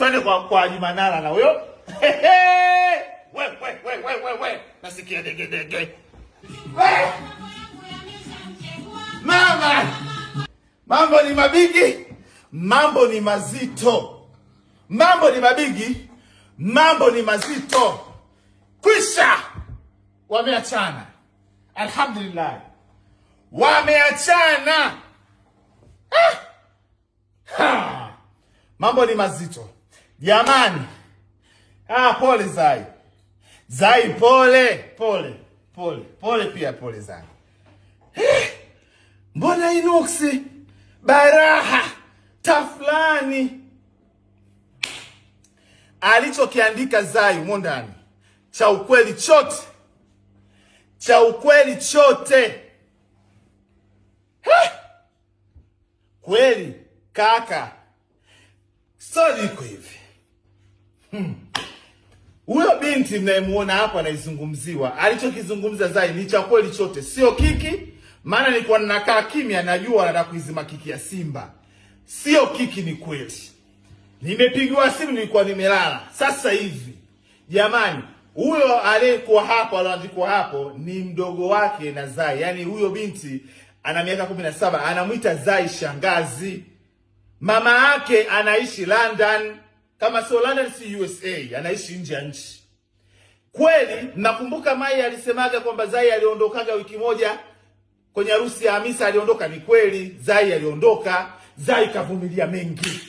Twende kwa kwa Jumanara na huyo. We we we we we we. Nasikia dege dege. We. Mama. Mambo ni mabigi. Mambo ni mazito. Mambo ni mabigi. Mambo ni mazito. Kwisha. Wameachana. Alhamdulillah. Wameachana. Ah. Ha. Mambo ni mazito. Jamani, ah, pole Zai. Zai pole, pole, pole, pole pia pole Zai. Eh, mbona inuksi baraha tafulani alichokiandika Zai humo ndani cha ukweli chote cha ukweli chote eh, kweli kaka, stori iko hivi Hmm. Huyo hmm, binti mnayemuona hapa anaizungumziwa, alichokizungumza Zai ni cha kweli chote, sio kiki. Maana nilikuwa ninakaa kimya, najua anataka kuizima kiki ya Simba. Sio kiki, ni kweli. Nimepigiwa simu, nilikuwa nimelala. Sasa hivi jamani, huyo aliyekuwa hapo alioandikwa hapo ni mdogo wake na Zai, yaani huyo binti ana miaka kumi na saba anamwita Zai shangazi, mama yake anaishi London kama sio London si USA, anaishi nje ya nchi kweli. Nakumbuka Mai alisemaga kwamba Zai aliondokaga wiki moja kwenye harusi ya Hamisa, aliondoka. Ni kweli, Zai aliondoka. Zai kavumilia mengi.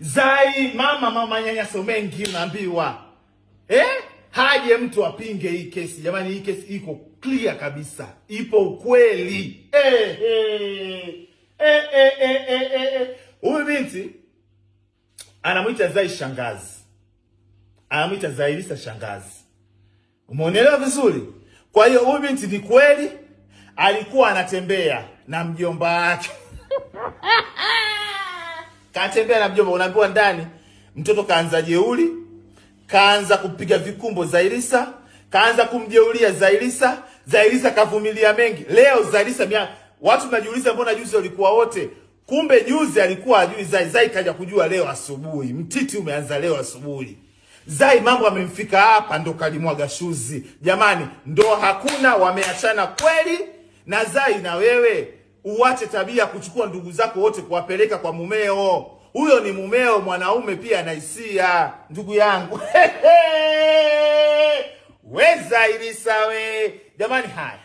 Zai mama mama nyanyaso mengi naambiwa, eh? Haje mtu apinge hii kesi jamani, hii kesi iko clear kabisa, ipo ukweli. Eh, eh, eh, eh, eh, eh, eh. eh. binti anamwita Zai shangazi, anamwita Zailisa shangazi. Umeonelewa vizuri? Kwa hiyo huyu binti ni kweli alikuwa anatembea na mjomba wake katembea na mjomba, unaambiwa ndani. Mtoto kaanza jeuli, kaanza kupiga vikumbo Zailisa, kaanza kumjeulia Zailisa. Zailisa kavumilia mengi. Leo Zailisa mia, watu mnajiuliza mbona juzi walikuwa wote Kumbe juzi alikuwa ajui Zai. Zai kaja kujua leo asubuhi, mtiti umeanza leo asubuhi. Zai mambo amemfika hapa, ndo kalimwaga shuzi. Jamani, ndo hakuna wameachana kweli. Na Zai, na wewe uwache tabia kuchukua ndugu zako wote kuwapeleka kwa mumeo. Huyo ni mumeo, mwanaume pia ana hisia, ndugu yangu weza ilisawe Jamani, haya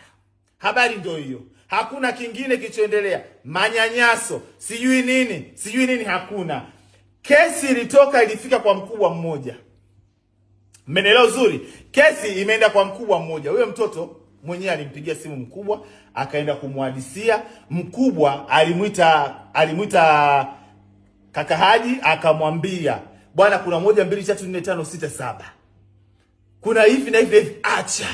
habari ndo hiyo hakuna kingine kilichoendelea, manyanyaso, sijui nini, sijui nini, hakuna. Kesi ilitoka ilifika kwa mkubwa mmoja, mmenielewa uzuri. Kesi imeenda kwa mkubwa mmoja, huyo mtoto mwenyewe alimpigia simu mkubwa, akaenda kumwadisia mkubwa. Alimwita alimwita kaka Haji, akamwambia bwana, kuna moja mbili tatu nne tano sita saba, kuna hivi na hivi hivi, acha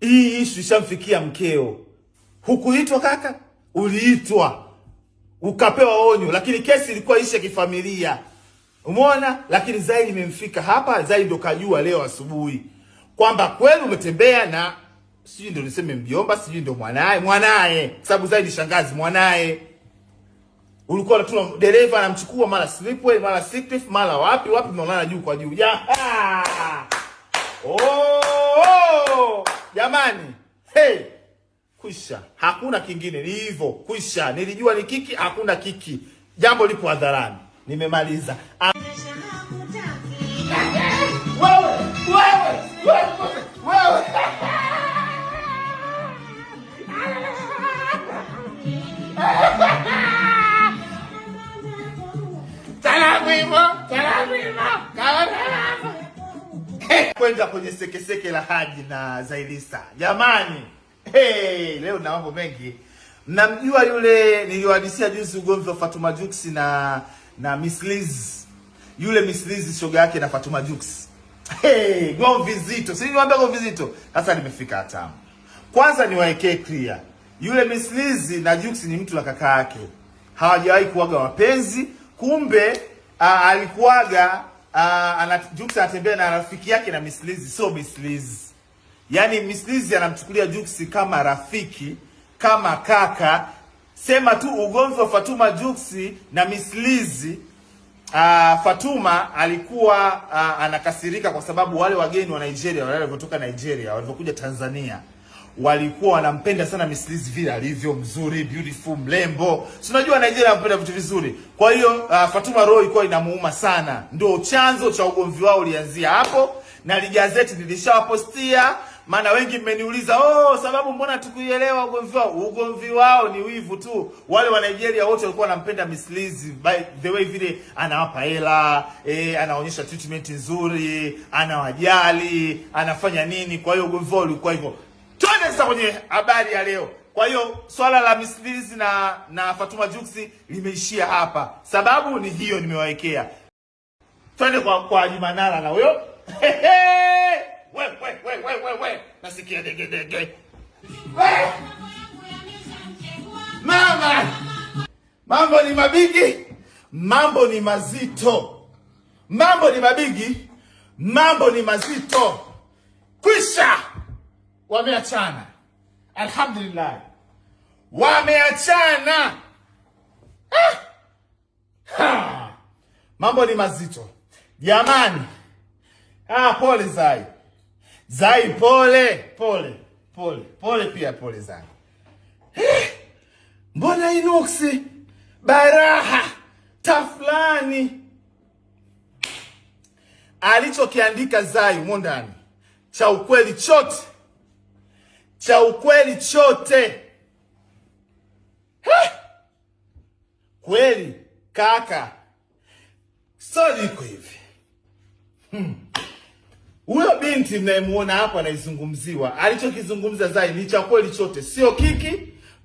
hii ishu ishamfikia mkeo Hukuitwa kaka, uliitwa ukapewa onyo, lakini kesi ilikuwa ishe kifamilia, umeona. Lakini zaidi imemfika hapa, Zai ndo kajua leo asubuhi kwamba kweli umetembea na sijui ndo niseme mjomba, sijui ndo mwanaye mwanaye, kwa sababu Zai ni shangazi mwanaye. Ulikuwa unatuna dereva anamchukua mara Slipway mara Sikif mara wapi wapi, mnaonana juu kwa juu ah! oh, oh, jamani hey kwisha, hakuna kingine, ni hivyo kwisha. Nilijua ni kiki, hakuna kiki, jambo lipo hadharani, nimemaliza. kwenda kwenye sekeseke la Haji na Zailisa, jamani. Hey, leo na mambo mengi. Mnamjua yule niliyohadisia jinsi ugomvi wa Fatuma Jux na na Miss Liz. Yule Miss Liz shoga yake na Fatuma Jux. Hey, gomvi zito. Si niwaambia gomvi zito. Sasa nimefika hatamu. Kwanza niwaekee clear. Yule Miss Liz na Jux ni mtu na kaka yake. Hawajawahi kuaga wapenzi. Kumbe uh, alikuwaga uh, ana, Jux anatembea na rafiki yake na Miss Liz, so Miss Liz. Yaani Miss anamchukulia Jux kama rafiki, kama kaka. Sema tu ugomvi wa Fatuma Jux na Miss Uh, Fatuma alikuwa uh, anakasirika kwa sababu wale wageni wa Nigeria wale walivyotoka Nigeria walivyokuja Tanzania walikuwa wanampenda sana Miss Liz vile alivyo mzuri, beautiful, mlembo. Si unajua Nigeria wanapenda vitu vizuri. Kwa hiyo uh, Fatuma roho ilikuwa inamuuma sana. Ndio chanzo cha ugomvi wao ulianzia hapo na ligazeti nilishawapostia maana wengi mmeniuliza oh, sababu mbona tukuielewa ugomvi wao? Ugomvi wao ni wivu tu. Wale wa Nigeria wote walikuwa wanampenda Miss Liz by the way, vile anawapa hela eh, anaonyesha treatment nzuri, anawajali, anafanya nini. Kwa hiyo ugomvi wao ulikuwa hivyo. Twende sasa kwenye habari ya leo. Kwa hiyo swala la Miss Liz na na Fatuma Juksi limeishia hapa, sababu ni hiyo nimewawekea. Twende kwa kwa Haji Manara na huyo wewe, nasikia degedege we. Mama, mambo ni mabigi, mambo ni mazito, mambo ni mabigi, mambo ni mazito. Kwisha wameachana, alhamdulillah, wameachana ah! Mambo ni mazito jamani, ah, pole Zai. Zai, pole pole pole pole, pia pole Zai. Eh, mbona inuksi baraha tafulani alichokiandika Zai humo ndani cha ukweli chote cha ukweli chote eh, kweli kaka, stori iko hivi hmm binti mnayemuona hapo anaizungumziwa, alichokizungumza Zai ni cha kweli chote, sio kiki.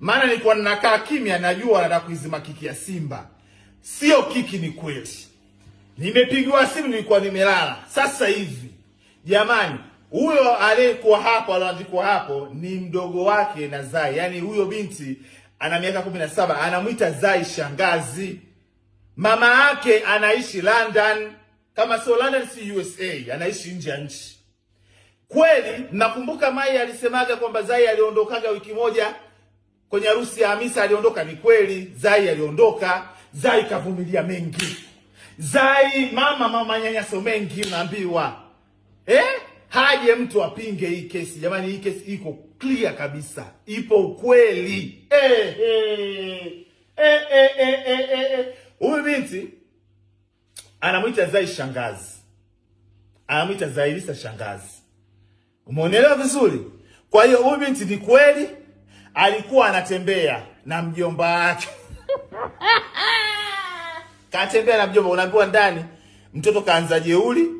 Maana nilikuwa ninakaa kimya, najua anataka kuizima kiki ya Simba. Sio kiki, ni kweli. Nimepigiwa simu, nilikuwa nimelala. Sasa hivi, jamani, huyo aliyekuwa hapo, alioandikwa hapo ni mdogo wake na Zai, yaani huyo binti ana miaka kumi na saba, anamwita Zai shangazi. Mama yake anaishi London, kama sio London si USA, anaishi nje ya nchi. Kweli nakumbuka Mai alisemaga kwamba Zai aliondokaga wiki moja kwenye harusi ya Hamisa, aliondoka. Ni kweli Zai aliondoka. Zai kavumilia mengi. Zai mama mama nyanyaso mengi mnaambiwa, eh? Haje mtu apinge hii kesi jamani, hii kesi iko clear kabisa, ipo ukweli. Eh eh. eh, eh, eh, eh, eh, eh. Huyu binti anamwita Zai shangazi, anamwita Zailisa shangazi Umeonelewa vizuri? Kwa hiyo huyu binti ni kweli alikuwa anatembea na mjomba wake katembea na mjomba, unaambiwa ndani mtoto kaanza jeuli.